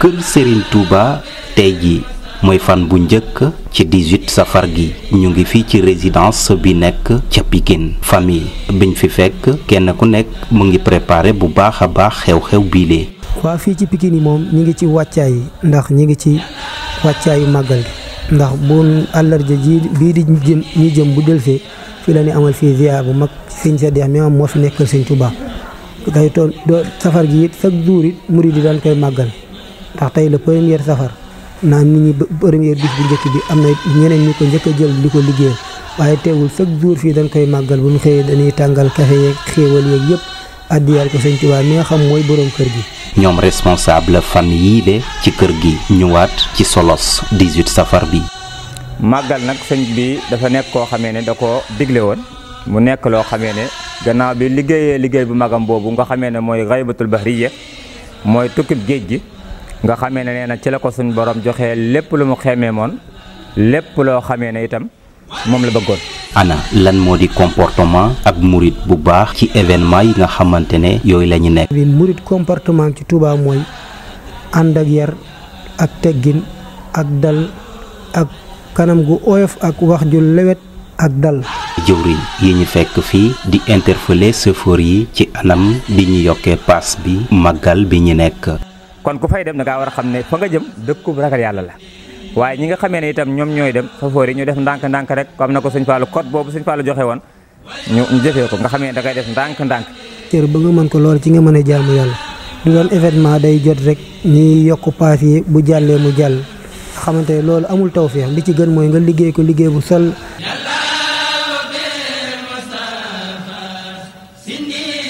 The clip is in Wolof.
kër Serigne Touba tey ji mooy fan bu njëkk ci 18 safar gi ñu ngi fii ci résidence bi nekk ca Pikine famille biñ fi fekk kenn ku nekk mu ngi préparé bu baax a baax xew-xew biile. waa fii ci Pikine yi moom ñi ngi ci wàccaay yi ndax ñu ngi ci wàccaayu màggal gi ndax bu àllarba ji bii di ñu jëm bu delfee fii la ñuy amal fii ziar bu mag sëñ Seex mi am moo fi nekkal sëñ Touba day toll doo safar gi it chaque jour it murid di daan koy màggal ndax tey la première safar naan nit ñi première bis bu njëkk bi am na ñeneen ñi ko njëkk a jël di ko liggéey waaye teewul chaque jour fii dañ koy màggal bu ñu xëyee dañuy tàngal kafe yeeg xéewal yeeg yëpp addiyaal ko sëñ Tuubaa mi nga xam mooy borom kër gi. ñoom responsable fan yii de ci kër gi ñëwaat ci solos 18 safar bi. màggal nag sëñ bi dafa nekk koo xame ne da koo digle woon mu nekk loo xamee gannaaw bi liggéeyee liggéey bu magam boobu nga xamee ne mooy raybatul bahriya mooy tukkib géej gi nga xamee ne nee na ci la ko suñ borom joxe lépp lu mu xemee moon lépp loo xamee ne itam moom la bëggoon. ana lan moo di comportement ak murit bu baax ci événement yi nga xamante ne yooyu la ñu nekk. bi murit comportement ci Touba mooy ànd ak yar ak teggin ak dal ak kanam gu oyof ak wax ju lewet ak dal. jëwriñ yi ñu fekk fii di interpeller chauffeur yi ci anam bi ñu yokkee paas bi màggal bi ñu nekk. kon ku fay dem da ngaa war a xam ne fa nga jëm dëkkub ragal yàlla la waaye ñi nga xamee ne itam ñoom ñooy dem chauffeur yi ñu def ndànk-ndànk rek am na ko suñ faalu code boobu suñ faalu joxe woon ñu ñu jëfee ko nga xamee ne da ngay def ndànk-ndànk. cër ba nga mën ko lool ci nga mën a jaamu yàlla du doon événement day jot rek ñuy yokk paas yi bu jàllee mu jàll xamante ne loolu amul tawfeex li ci gën mooy nga liggéey ko liggéey bu sol sindi